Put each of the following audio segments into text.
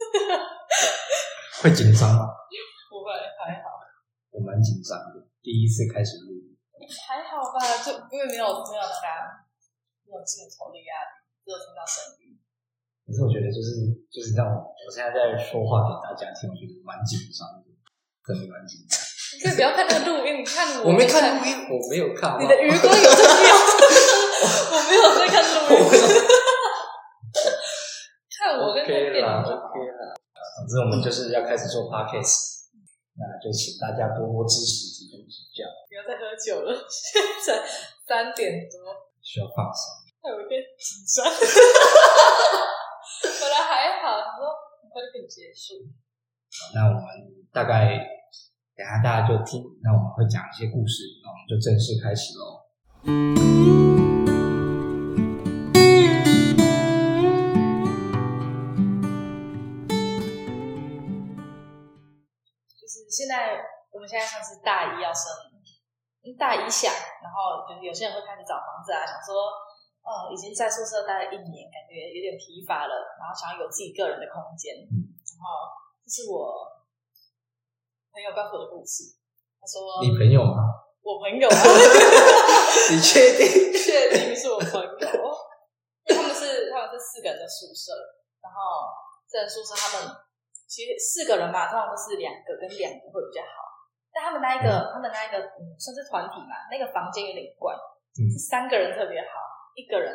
會緊張嗎？不會，還好。我蠻緊張的，第一次開始錄音。還好吧，就因為沒有碰大家，沒有鏡頭的壓力，只有聽到聲音。可是我覺得、就是，就是就是這樣，我現在在說話給大家聽，我覺得蠻緊張的，真的蠻緊張。你可以不要看那個錄音，你看我，我沒看錄音，我沒有看，你的餘光有沒有？ 我沒有在看錄音，我 看我跟他、okay 啦。啊所以我們就是要開始做 podcast、嗯、那就請大家多多支持，支持這樣。不要再喝酒了，現在三點多。需要放鬆，還有一點緊張。本 來還好，他說很快就可結束好。那我們大概等一下大家就聽，那我們會講一些故事，然後我們就正式開始嘍。嗯現在我們現在算是大一要升，嗯，大一下，然後就有些人會開始找房子啊，想說，嗯，已經在宿舍待了一年，感覺有點疲乏了，然後想要有自己個人的空間。嗯、然後這是我朋友告訴我的故事，他說，你朋友嗎？我朋友， 你確定？確定是我朋友？ 因為他們是他們是四個人在宿舍，然後在，這個，宿舍他們。其實四個人嘛，通常都是兩個跟兩個會比較好。但他們那一個，嗯、他們那一個、嗯、算是團體嘛，那個房間有點怪，嗯、三個人特別好，一個人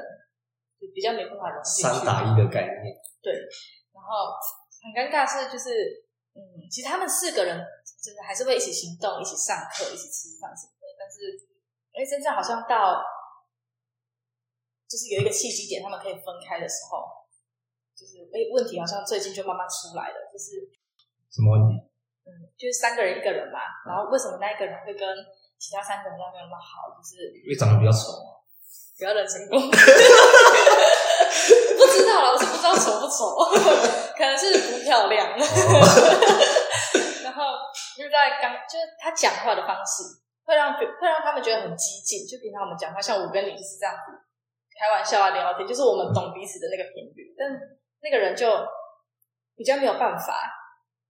就比較沒辦法融進去。三打一個概念。對，然後很尷尬是就是，嗯，其實他們四個人就是還是會一起行動、一起上課、一起吃飯什麼的。但是，為、欸、真正好像到就是有一個契機點，他們可以分開的時候。就是哎、欸，問題好像最近就慢慢出來了。就是什麼問題？嗯，就是三個人一個人嘛。然後為什麼那一個人會跟其他三個人都沒有那麼好？就是因為長得比較醜嘛。不要、嗯、冷清嗎？ 不知道了，我是不知道醜不醜， 可能是不漂亮。 然後就是在剛就是他講話的方式會讓會讓他們覺得很激進。就平常我們講話，像我跟你就是這樣子開玩笑啊、聊天，就是我們懂彼此的那個頻率，嗯、但。那個人就比較沒有辦法，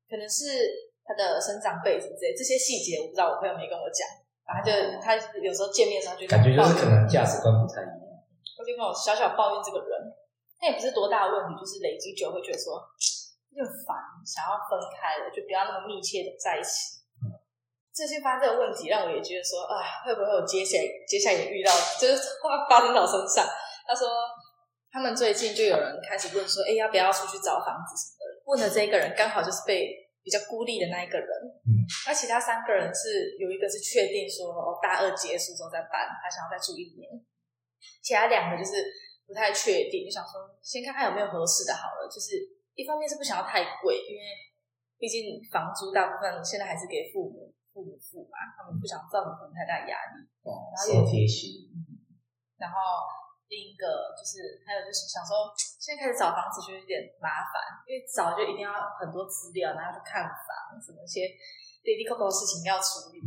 可能是他的生長背景之類的，這些細節我不知道，我朋友沒跟我講。然後、哦、就他有時候見面的時候，感覺就是可能價值觀不太一樣。我就跟我小小抱怨這個人，他也不是多大的問題，就是累積久了會覺得說有點煩，想要分開了，就不要那麼密切的在一起。最近、嗯、發生這個問題，讓我也覺得說，啊，會不會有接下來接下來也遇到，就是發發生到身上？他說。他們最近就有人開始問說：“哎、欸，要不要出去找房子什麼的？”問的這個人剛好就是被比較孤立的那一個人。嗯，那其他三個人是有一個是確定說、哦，大二結束之後再搬，還想要再住一年。其他兩個就是不太確定，就想說先看看有沒有合適的好了。就是一方面是不想要太貴，因為畢竟房租大部分現在還是給父母父母付嘛，他們不想造成他太大壓力。嗯、然後也貼心。嗯、然後。另一個就是，還有就是想說，現在開始找房子就有點麻煩，因為找就一定要很多資料，然後去看房子，什麼一些滴滴扣扣的事情要處理，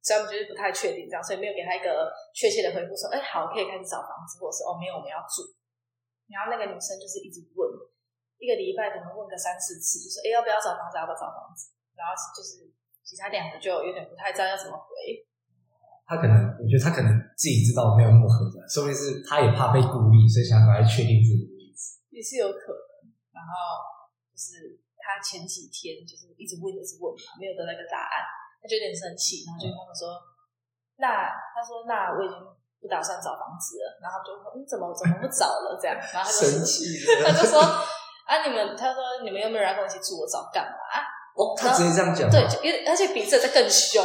所以我們覺得不太確定，這樣，所以沒有給他一個確切的回復，說、欸、哎好，我可以開始找房子，或是哦沒有我們要住。然後那個女生就是一直問，一個禮拜可能問個三四次，就說、是、哎、欸、要不要找房子，要不要找房子。然後就是其他兩個就有點不太知道要怎麼回。他可能，我覺得他可能自己知道沒有那麼合的，說不定是他也怕被孤立，所以想要趕快確定自己的位置，也是有可能。然後就是他前幾天就是一直問，一直問嘛，沒有得那個答案，他就有點生氣，然後就跟我說：“嗯、那他說，那我已經不打算找房子了。”然後就說：“你、嗯、怎麼怎麼不找了？”這樣，然後他就生氣，生了 他就說：“啊，你們他說你們有沒有人跟我一起住？我找幹嘛？”我、啊哦、後他直接這樣講，對就，而且比這再更凶，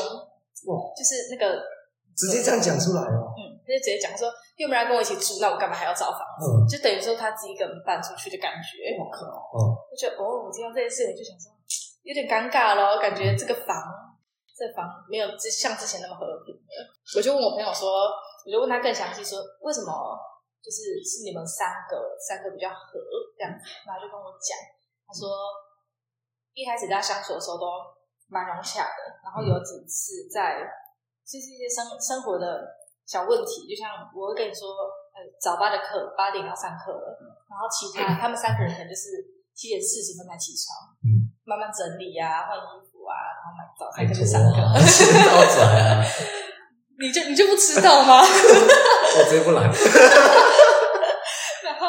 哇，就是那個。直接這樣講出來哦，嗯，他就直接講，他說又沒來跟我一起住，那我幹嘛還要找房子？嗯，就等於說他自己一個人搬出去的感覺。我就嗯，就哦，聽到這件事我就想說有點尷尬咯，感覺這個房、嗯、這個房沒有之像之前那麼和平。我就問我朋友說，我就問他更詳細說為什麼，就是是你們三個三個比較和這樣，他就跟我講，他說一開始大家相處的時候都蠻融洽的，然後有幾次在。嗯就是一些生生活的小問題，就像我會跟你說，呃、早八的課八點要上課了，嗯、然後其他、嗯、他們三個人可能就是七點四十分才起床，嗯，慢慢整理啊，換衣服啊，然後買早餐就去上課，遲到啊？ 你就你就不遲到嗎？ 我直接不來。 然後，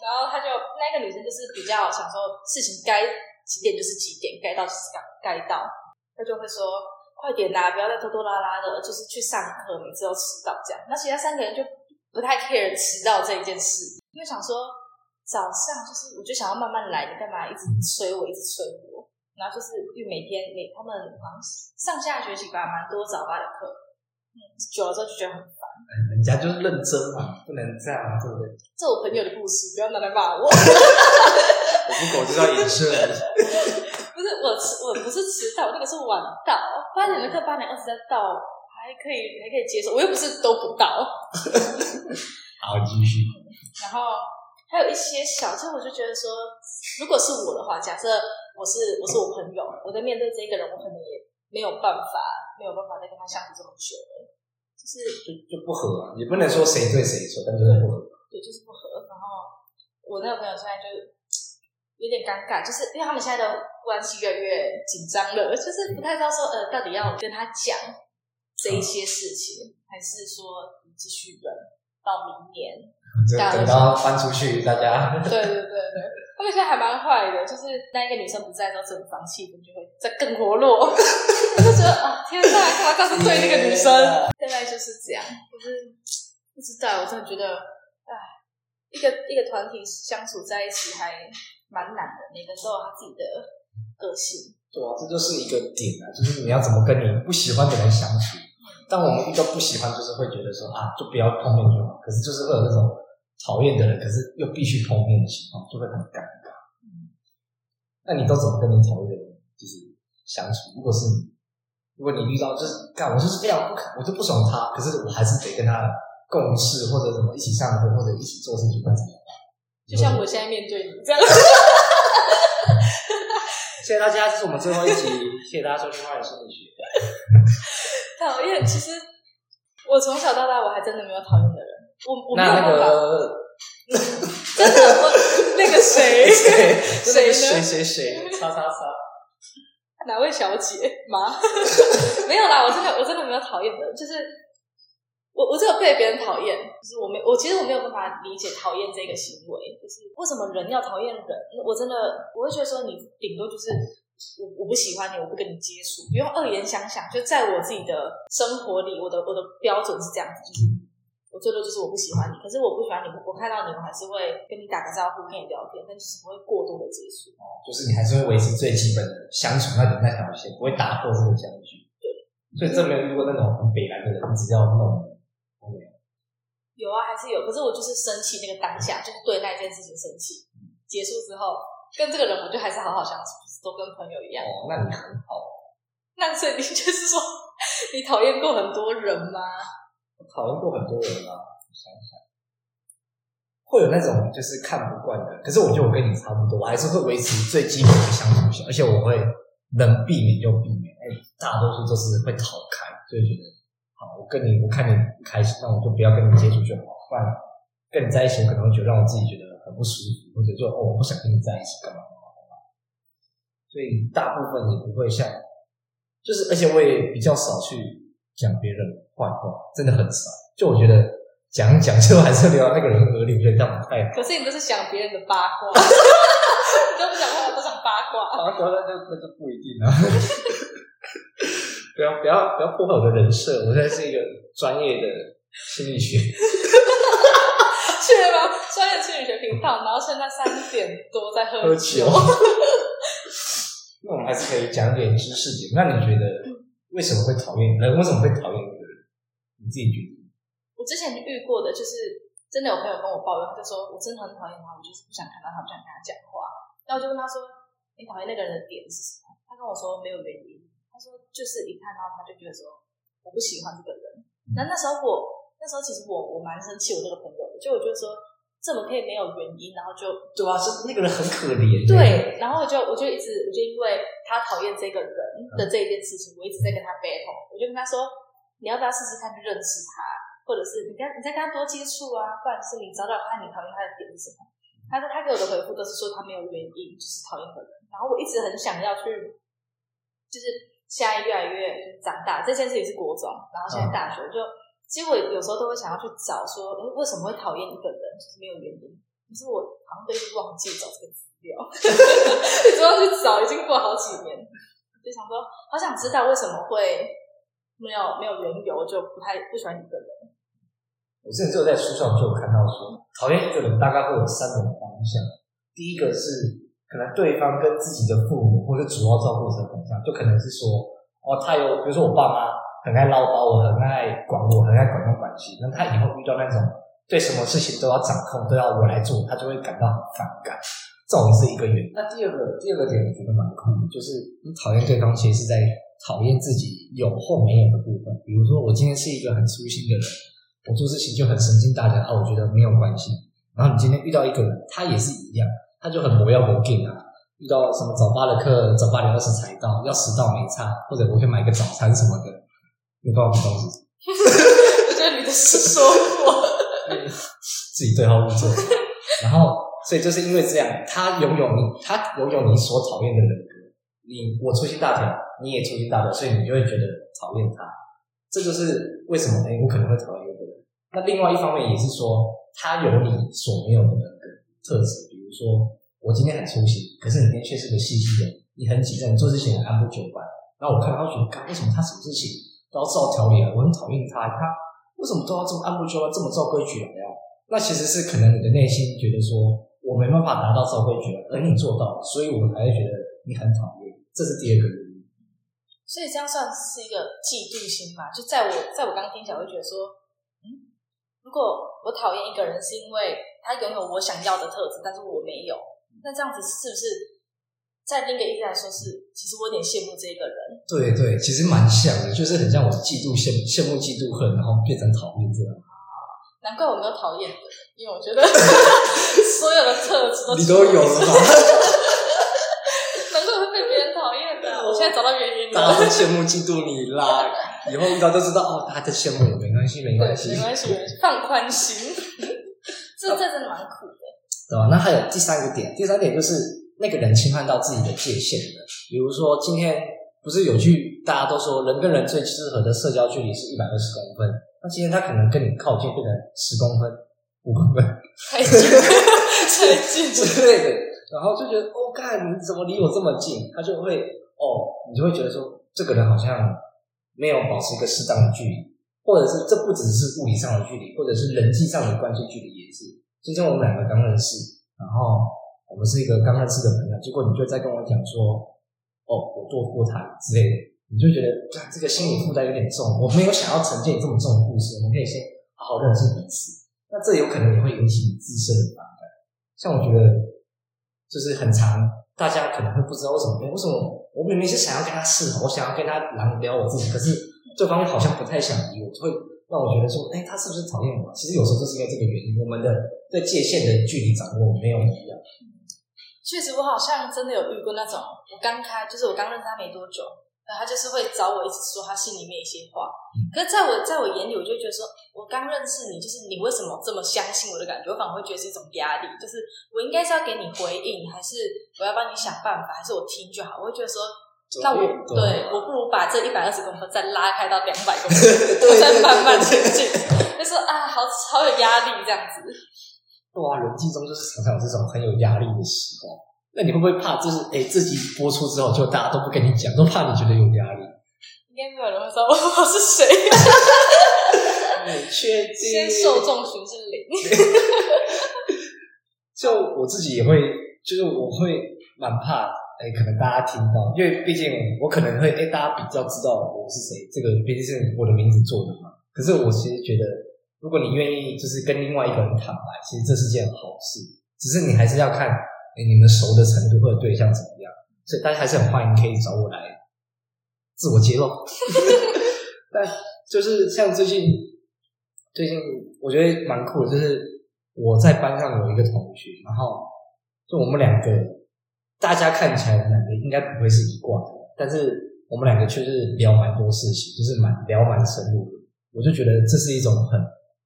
然後他就那個女生就是比較想說，事情該幾點就是幾點，該到就是該，該到，她就會說。快點啦，不要再拖拖拉拉的，就是去上課，每次都遲到這樣。那其他三個人就不太 care 遲到這一件事，因為想說早上就是我就想要慢慢來，你干嘛一直催我，一直催我。然後就是因為每天每他們好像上下學期吧，蠻多早八的課，久了之後就覺得很煩。人家就是認真嘛，不能這樣啊，對不對？這是我朋友的故事，不要拿來罵我。我不我知道也是。不是我我不是遲到，我那個是晚到。八點的課，八點二十分到，還可以，還可以接受。我又不是都不到。好，繼續。然後還有一些小事，我就覺得說，如果是我的話，假設我是我是我朋友，我在面對這個人，我可能也沒有辦法，沒有辦法再跟他相處這麼久。就是就就不合嘛，也不能說誰對誰錯，但就是不合。對，就是不合。然後我那個朋友現在就，有點尷尬，就是因為他們現在的關係越來越緊張了，就是不太知道說呃，到底要跟他講這一些事情，嗯、還是說你繼續忍到明年，就等到翻出去大家。對對對，他們現在還蠻壞的，就是那一個女生不在之後，這房氣氛就會再更活絡。 我就覺得哦天吶，幹嘛當時對那個女生。現在、yeah, yeah , yeah. 就是這樣，就是不知道，我真的覺得，哎，一個一個團體相處在一起還。蠻難的，每個人都有他自己的個性。對啊，這就是一個點啊，就是你要怎麼跟你不喜歡的人相處。當我們遇到不喜歡，就是會覺得說啊，就不要碰面就好。可是就是會有那種討厭的人，可是又必須碰面的情況，就會很尷尬。嗯，那你都怎麼跟你討厭的人就是相處？如果是你，如果你遇到就是干，我就是非常不樣，我就不喜歡他，可是我還是得跟他共事，或者怎麼一起上課，或者一起做事情，該怎麼辦？就像我現在面對你這樣。 謝謝大家，這是我們最後一集，謝謝大家收聽《Ryan 心理學》。討厭，其實我從小到大，我還真的沒有討厭的人。我我沒有、那個嗯、真的，那個誰誰誰對誰那誰、誰、誰、誰，擦擦擦，哪位小姐嗎？ 沒有啦，我真的我真的沒有討厭的，就是。我我這個被別人討厭，就是我沒我其實我沒有辦法理解討厭這個行為，就是為什麼人要討厭人？我真的我會覺得說，你頂多就是我我不喜歡你，我不跟你接觸，嗯、不用惡言相向。就在我自己的生活裡，我的我的標準是這樣子，就是、嗯、我最多就是我不喜歡你。可是我不喜歡你，我看到你我還是會跟你打個招呼，跟你聊天，但是不會過度的接觸。哦，就是你還是會維持最基本的相處那那條線，不會打破這個僵局。對，所以真沒有遇過那種很北爛的人，只要那種。有啊，還是有。可是我就是生氣那個當下，嗯、就是對那一件事情生氣。嗯、結束之後，跟這個人，我就還是好好相處，就是、都跟朋友一樣。哦，那你很好、啊。那所以你就是說，你討厭過很多人嗎？討厭過很多人啊！我想想，會有那種就是看不慣的。可是我覺得我跟你差不多，我還是會維持最基本的相處性，而且我會能避免就避免。哎，大多數都是會逃開，就覺得。好，我跟你，我看你不開心，那我就不要跟你接觸就好。不然跟你在一起，可能會覺得讓我自己覺得很不舒服，或者說哦，我不想跟你在一起，幹嘛幹嘛。所以大部分也不會像，就是而且我也比較少去講別人壞話，真的很少。就我覺得講講就還是留到那個人格裡面，這樣太……可是你都是想別人的八卦，你都不想八，我都講八卦。他就那、那、那就不一定了、啊。 不要不要不要破壞我的人設，我現在是一個專業的心理學。去了 嗎？專業心理學頻道，然後現在三點多在喝，喝酒。 那我們還是可以講點知識點。那你覺得為什麼會討厭人？為什麼會討厭你？人？你自己覺得？我之前遇過的，就是真的有朋友跟我抱怨，他就說我真的很討厭他，我就是不想看到他，他不想跟他講話。那我就問他說：你討厭那個人的點是什麼？他跟我說沒有原因。就是一看到他就覺得說我不喜歡這個人。那、嗯、那時候我那時候其實我我蠻生氣我這個朋友的，就我覺得說怎麼可以沒有原因，然後就對要、啊就是那個人很可憐。對，啊、對，然後我就我就一直我就因為他討厭這個人的這一件事情，好我一直在跟他 battle。我就跟他說，你要不要試試看去認識他，或者是你跟你在跟他多接觸啊，或者是你找到他你討厭他的點是什麼？他說他給我的回覆都是說他沒有原因，就是討厭他。然後我一直很想要去，就是。現在越來越長大，這件事也是國中，然後現在大學就，其實我有時候都會想要去找說，欸，為什麼會討厭一個人，就是沒有原因。可是我好像最近忘記找這個資料，你想 要去找，已經過好幾年，就想說，好想知道為什麼會沒有沒有緣由，就不太不喜歡一個人。我現在只有在書上就有看到說，討厭一個人大概會有三種方向，第一個是。可能對方跟自己的父母或者主要照顧者很像，就可能是說，哦，他有，比如說我爸媽很愛嘮叨，我很愛管我，很愛管東管西，那他以後遇到那種對什麼事情都要掌控，都要我來做，他就會感到很反感。這種是一個原因。那第二個第二個點，我覺得蠻重要，就是你討厭對方，其實是在討厭自己有或沒有的部分。比如說，我今天是一個很粗心的人，我做事情就很神經大條，啊，我覺得沒有關係。然後你今天遇到一個人，他也是一樣。他就很磨，要磨嘰啊，遇到什麼早八的課，早八點二十才到，要遲到，沒差，或者我去買個早餐什麼的。你不要告訴自己，哈哈就是你的事，所以我自己對號入座。 然後，所以就是因為這樣，他擁有你，他擁有你所討厭的人格。你，我粗心大條，你也粗心大條，所以你就會覺得討厭他。這就是為什麼誒、欸、我可能會討厭一個人。那另外一方面也是說，他有你所沒有的人格特質。比如說，我今天很粗心，可是你今天卻是個細心人，你很緊張，你做事情很按部就班。那我看他怎麼幹？為什麼他什麼事情都要照條理啊？我很討厭他，為他為什麼做到這麼按部就班，這麼照規矩來、啊、呀，那其實是可能你的內心覺得說我沒辦法達到照規矩，而你做到了，所以我才會覺得你很討厭。這是第二個原因。所以這樣算是一個嫉妒心嘛？就在我在我剛剛聽起來，就覺得說，嗯，如果我討厭一個人，是因為。他擁有我想要的特質，但是我沒有。那這樣子是不是在另一個意思來說是，其實我有點羨慕這一個人？對，對對，其實蠻像的，就是很像我嫉妒、羨羨慕、慕嫉妒恨，然後變成討厭這樣。難怪我沒有討厭，因為我覺得 所有的特質都你都有了嗎？ 難怪會被別人討厭的。我，我現在找到原因了。大家都羨慕嫉妒你啦， 以後遇到都知道哦，他在羨慕你，沒關係，沒關係， 沒關係，放寬心。這這真的蠻苦的、啊，對吧、啊？那還有第三個點，第三點就是那個人侵犯到自己的界限的。比如說，今天不是有句大家都說，人跟人最適合的社交距離是120公分。那今天他可能跟你靠近，變成10公分、5公分，太近、太近之類的。然後就覺得，哦，幹，你怎麼離我這麼近？他就會，哦，你就會覺得說，這個人好像沒有保持一個適當的距離。或者是這不只是物理上的距離，或者是人際上的關係距離也是。就像我們兩個剛認識，然後我們是一個剛認識的朋友，結果你就再跟我講說“哦，我墮過胎”之類的，你就覺得、啊、這個心理負擔有點重。我沒有想要呈現你這麼重的故事，我們可以先好好認識彼此。那這有可能也會引起你自身的反感。像我覺得，就是很常，大家可能會不知道為什麼？為什麼我明明是想要跟他試，我想要跟他聊聊我自己，可是。這方面好像不太想理我，就會讓我覺得說，哎，他是不是討厭我？其實有時候就是因為這個原因，我們的對界限的距離掌握沒有一樣。確實，我好像真的有遇過那種，我剛開，就是我剛認識他沒多久，他就是會找我一直說他心裡面一些話。嗯、可是在我在我眼裡，我就覺得說，我剛認識你，就是你為什麼這麼相信我的感覺？我反而會覺得是一種壓力，就是我應該是要給你回應，還是我要幫你想辦法，還是我聽就好？我會覺得說。對那我對，對啊、我不如把這一百二十公分再拉開到兩百公分，我再 慢慢前進。就 說啊，好，好有壓力這樣子。哇，人際中就是常常有這種很有壓力的時候。那你會不會怕？就是誒，自己播出之後，就大家都不跟你講，都怕你覺得有壓力？應該沒有人會說我，我是誰。你、 哎、確定？先受眾群是零。就我自己也會，就是我會蠻怕。哎、欸，可能大家聽到，因為畢竟我可能會誒、欸，大家比較知道我是誰，這個畢竟是我的名字做的嘛。可是我其實覺得，如果你願意，就是跟另外一個人坦白，其實這是件好事。只是你還是要看，哎、欸，你們熟的程度或者對象怎麼樣。所以大家還是很歡迎可以找我來自我揭露。 但就是像最近，最近我覺得蠻酷的，就是我在班上有一個同學，然後就我們兩個。大家看起來我們兩個應該不會是一掛的，但是我們兩個卻是聊蠻多事情，就是蠻聊蠻深入的。我就覺得這是一種很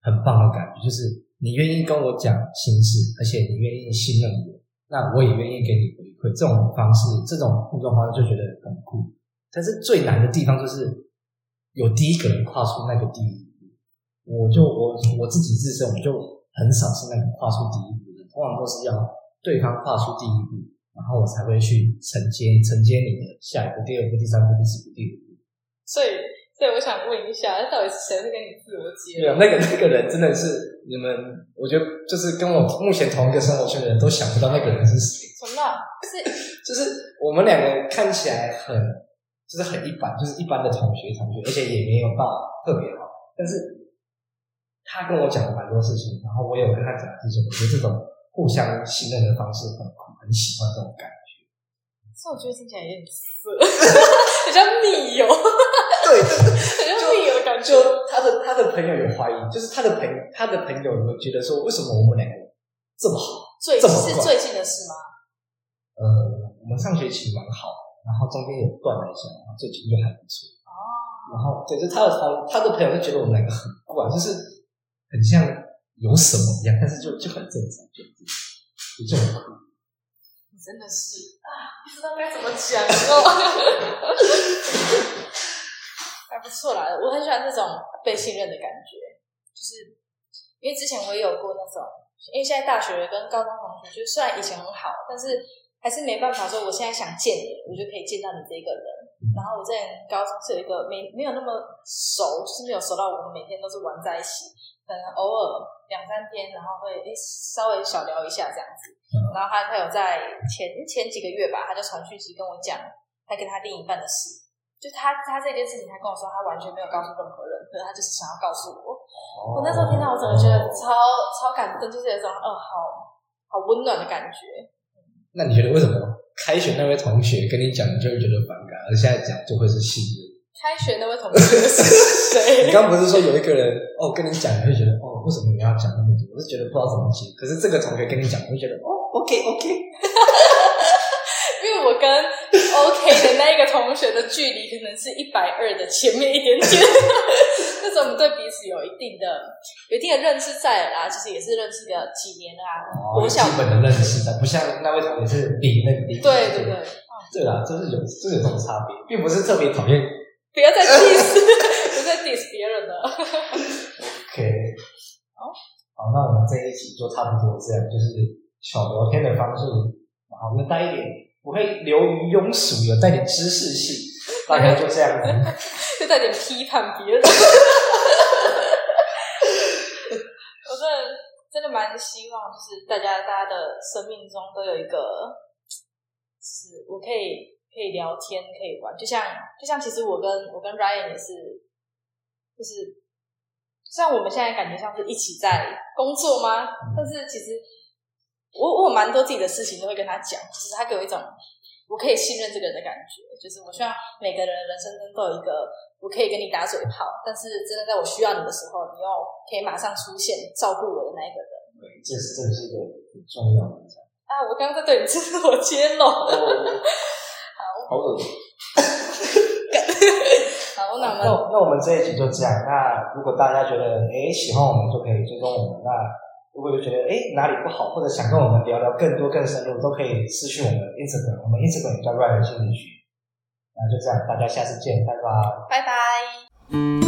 很棒的感覺，就是你願意跟我講心事，而且你願意信任我，那我也願意給你回饋。這種方式，這種互動方式就覺得很酷。但是最難的地方就是有第一個人跨出那個第一步，我就我我自己自身，我就很少是那種跨出第一步的，往往都是要對方跨出第一步。然後我才會去承接承接你的下一個第二步第三步第四步第五步。所以，所以我想問一下，到底是誰是跟你自我接？對啊，那個那個人真的是你們，我覺得就是跟我目前同一個生活圈的人都想不到那個人是誰。什麼？不是就是我們兩個看起來很就是很一般，就是一般的同學同學，而且也沒有到特別好。但是他跟我講了蠻多事情，然後我也有跟他講事情，我覺得這種互相信任的方式很好。很喜歡這種感覺，所以我覺得聽起來也很色，比較蜜友。對，就是比較蜜友感覺。他的他的朋友有懷疑，就是他的朋他的朋友有覺得說，為什麼我們兩個這麼好？最近，這，這是最近的事嗎？呃，我們上學期蠻好，然後中間有斷了一下，然後最近就還不錯。哦、啊，然後對，就他的朋他的朋友就覺得我們兩個很不管就是很像有什麼一樣，但是就就很正常，就 真的是啊，不知道該怎麼講哦、喔， 還不錯啦。我很喜歡那種被信任的感覺，就是因為之前我也有過那種，因為現在大學跟高中同學，就是雖然以前很好，但是還是沒辦法說我現在想見你，我就可以見到你這個人。然後我之前高中是有一個沒沒有那麼熟，就是沒有熟到我們每天都是玩在一起。可能、嗯、偶爾兩三天，然後會稍微小聊一下這樣子。嗯、然後他他有在前前幾個月吧，他就傳訊息跟我講，他跟他另一半的事。就他他這件事情，他跟我說他完全沒有告訴任何人，可是他就是想要告訴我。哦、我那時候聽到，我怎麼覺得超、哦、超感動，就是有種哦、嗯、好好溫暖的感覺。那你覺得為什麼開學那位同學跟你講，你就會覺得反感，而現在講就會是信任？開學那位同學是誰？ 你剛不是說有一個人哦？跟你講，你會覺得哦，為什麼你要講那麼多？我是覺得不知道怎麼接。可是這個同學跟你講，我就覺得哦，OK，OK。OK, OK 因為我跟 OK 的那一個同學的距離可能是一百二的前面一點點。那種 對彼此有一定的、有一定的認識在了啦。其實也是認識了幾年啦。哦，我想基本的認識的，不像那位同學是零零零。對對對，對啦，就、哦、是有這是有這種差別，並不是特別討厭。不要再 diss，別 再 diss 別人了 okay，哦。OK，好，好，那我們這一集就差不多這樣，就是小聊天的方式，好，我們帶一點，不會流於庸俗，有帶點知識性，大概就這樣子，就帶點批判別人。我真的真的蠻希望，就是大家大家的生命中都有一個是我可以，可以聊天，可以玩，就像就像，其實我跟我跟 Ryan 也是，就是，雖然我們現在感覺像是一起在工作嗎，但是其實我我蠻多自己的事情都會跟他講，就是他給我一種我可以信任這個人的感覺。就是我希望每個人的人生中都有一個我可以跟你打嘴炮，但是真的在我需要你的時候，你又可以馬上出現照顧我的那一個人。對，這是這是一個很重要的啊！我剛剛在對你自我揭露。好噁心！那那我們這一集就這樣。那如果大家覺得哎、欸、喜歡我們就可以追蹤我們。那如果覺得哎、欸、哪裡不好，或者想跟我們聊聊更多更深入，都可以私訊我們 Instagram。我們 Instagram 叫 Ryan 心理學。那就這樣，大家下次見，拜拜。拜拜。